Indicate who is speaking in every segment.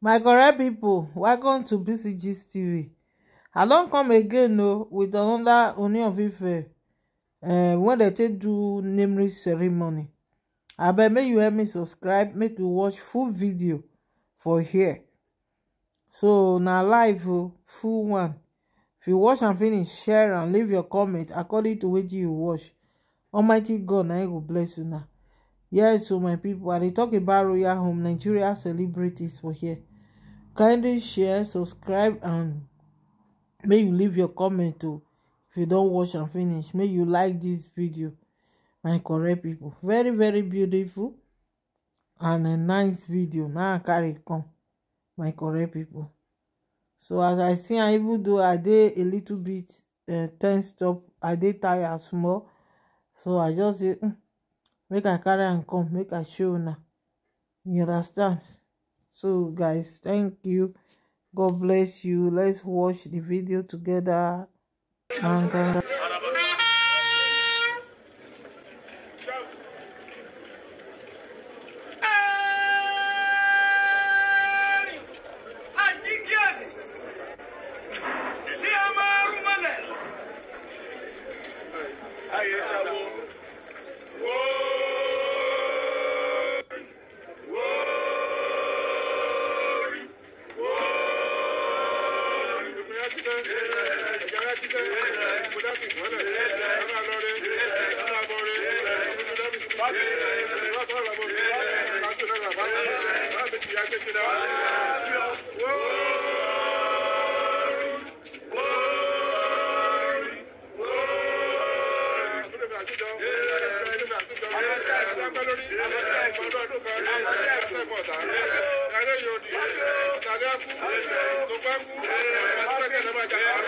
Speaker 1: my correct people, welcome to bc tv i don come again o oh, with anoda oni of ife eh, wey dem take do naming ceremony abeg make you help me subscribe make you watch full video for here so na live o oh, full one if you watch am finish share am leave your comment according to wetin you watch almighty god na him go bless you una yes o oh, my people. i dey tok about royal home nigeria celebrities for here kindly share subscribe and may you leave your comment too. if you don't watch and finish may you like this video my correct people. very very beautiful and a nice video Now carry come my correct people. so as i see I even do. i dey a little bit Uh, tensed up i dey tired small so i just say hmm, make i carry and come make i show now. you understand so guys thank you god bless you let's watch the video together and
Speaker 2: kíkan ìjàrá kíkan ìmúdákì ìmọ́lẹ̀ ọ̀nà àlọ́rẹ́ ọ̀nà àbọ̀rẹ́ ìmúdákì ìmọ́lẹ̀ ìwà tó àlàbọ̀ ìwà tó náà bá bá bẹ ti yàgbé ti dáwà. Thank you. Yeah.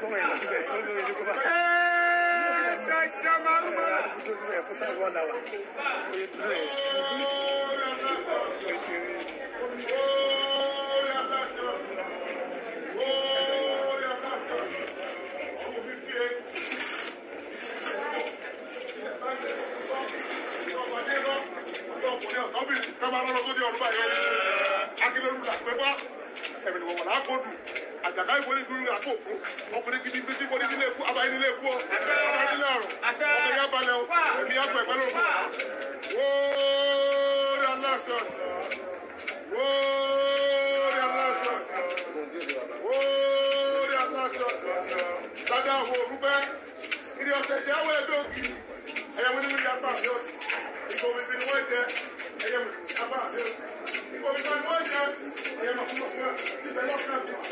Speaker 2: Tọ́ba lọ́lọ́sọ́dí ọ̀rùn báyìí. Akíndérúkú làpẹ́ bá ẹ̀mí ni wọ́n wọ̀ lágbódù àjàká ìbò ní dúró àpò fún ọkùnrin gidi gidi mo ní nílé ikú abayé nílé ikú ọ abayé nílé àrùn ọmọ ìyá balẹ̀ o èmi yá pẹ̀lú òkú wóórí aláṣọ wóórí aláṣọ wóórí aláṣọ sada àwọn òrùbẹ ìdí ọ̀sẹ̀ jẹ́ àwọn ẹgbẹ́ òkì ẹ̀yẹ wọn ní wíwí apá àbí ọ̀tí ìgbò bìbì ni wọ́n jẹ ẹ̀yẹ wọn apá àbí ọ̀tí ìgbò bìbì ni wọ́n jẹ ẹ̀yẹ wọn fún ọ̀fẹ́ ìbẹ̀lẹ̀ ọ̀fẹ́ àbí sí.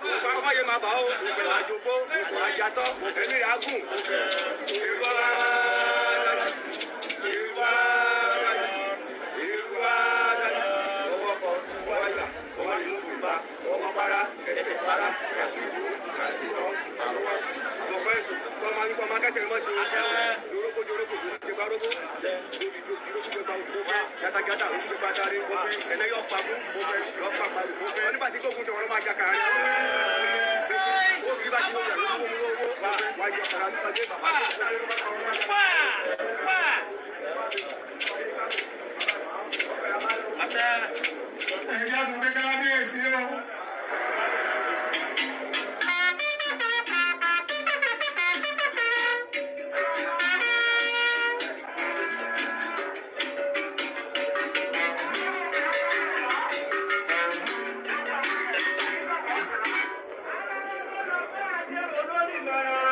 Speaker 3: fáfáyé máa bá ó òfin àjòkó òfin àjàtọ́ ẹ̀mí rẹ̀ á Wow! Wow! Wow!
Speaker 2: Lord,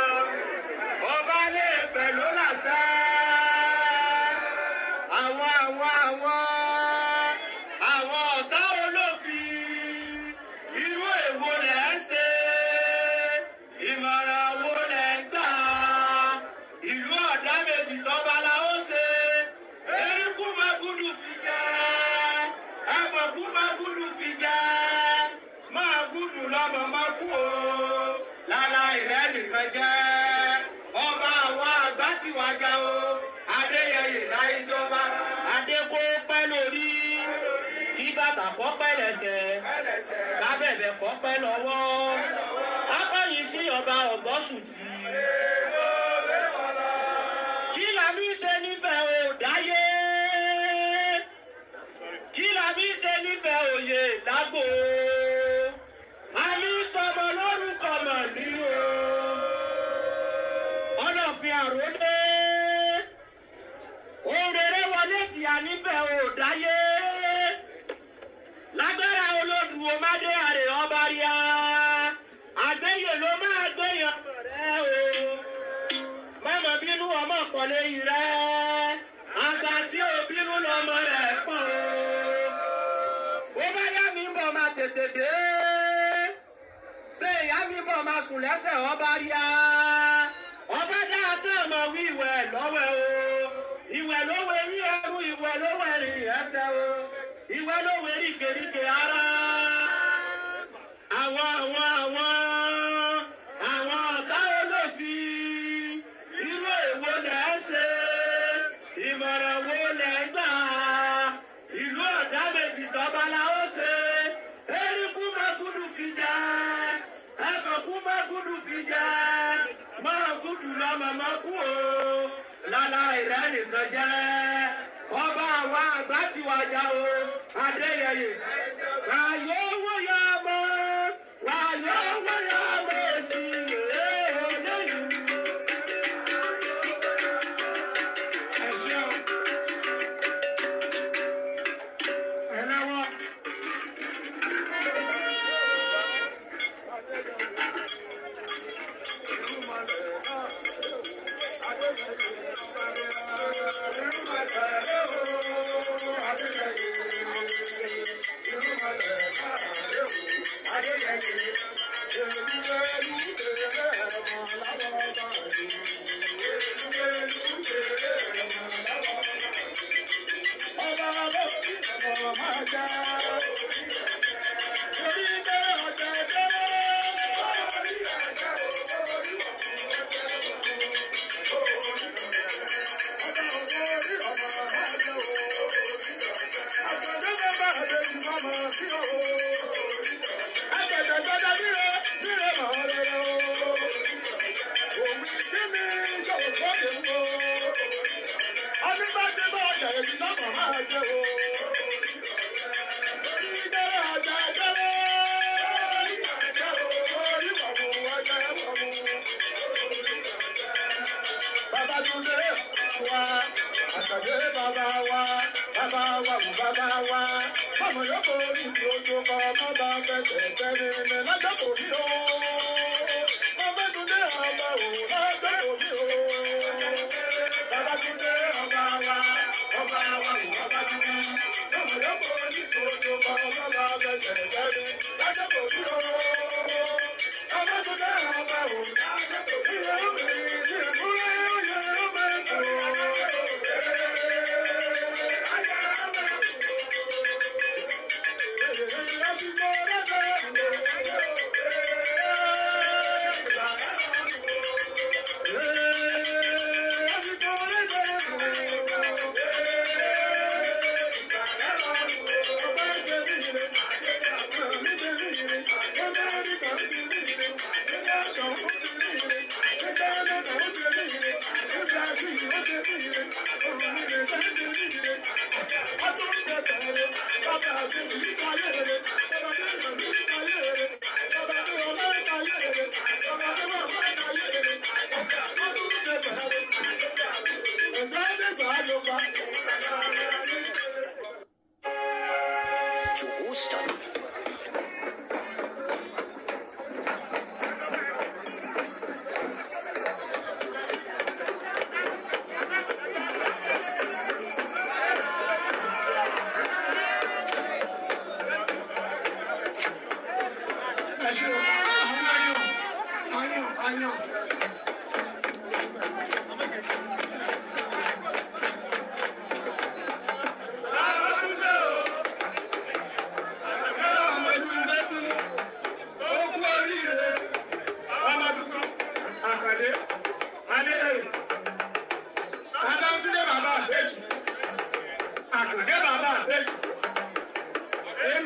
Speaker 2: bàbà kọ́ pẹ́ lẹ́sẹ̀ kábẹ̀bẹ̀ kọ́ pẹ́ lọ́wọ́ akọ́yìn sí ọba ọ̀gọ́sùtì. kí la mi ṣe nífẹ̀ẹ́ òdáyé kí la mi ṣe nífẹ̀ẹ́ òye lágbo. àmì sọmọ lórúkọ mọ̀ ní o. ọlọ́fin àròlé. ohun rere wọlé tìyà nífẹ̀ẹ́ òdáyé ẹkùn ọmọdé àrè ọba rí a àgbéyè ló máa gbéyè ọmọ rẹ o mọmọ bínú ọmọ pọlẹ yìí rẹ àgbà tí ò bínú lọmọ rẹ pọ o bó bá yá mi ń bọ̀ máa tètè dé ṣé ìyá mi ń bọ̀ máa sùn lẹ́sẹ̀ ọba rí a ọba dáadáa máa wí ìwẹ̀ lọ́wọ́ o ìwẹ̀ lọ́wọ́ ẹ̀rí ẹrú ìwẹ̀ lọ́wọ́ ẹ̀rí ẹsẹ̀ o ìwẹ̀ lọ́wọ́ ẹ̀rí gbèrígbè ara. nǹkan jẹ́ ọba àwọn àgbà ti wàjà o adéyẹyẹ àyè wọ́n ọmọ.
Speaker 4: bàbá you I do.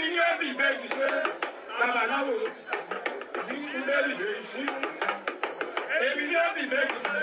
Speaker 2: mi ní ẹbí ìbejì ṣe babaláwo ní ẹbí ìbejì ṣe èmi ní ẹbí ìbejì ṣe.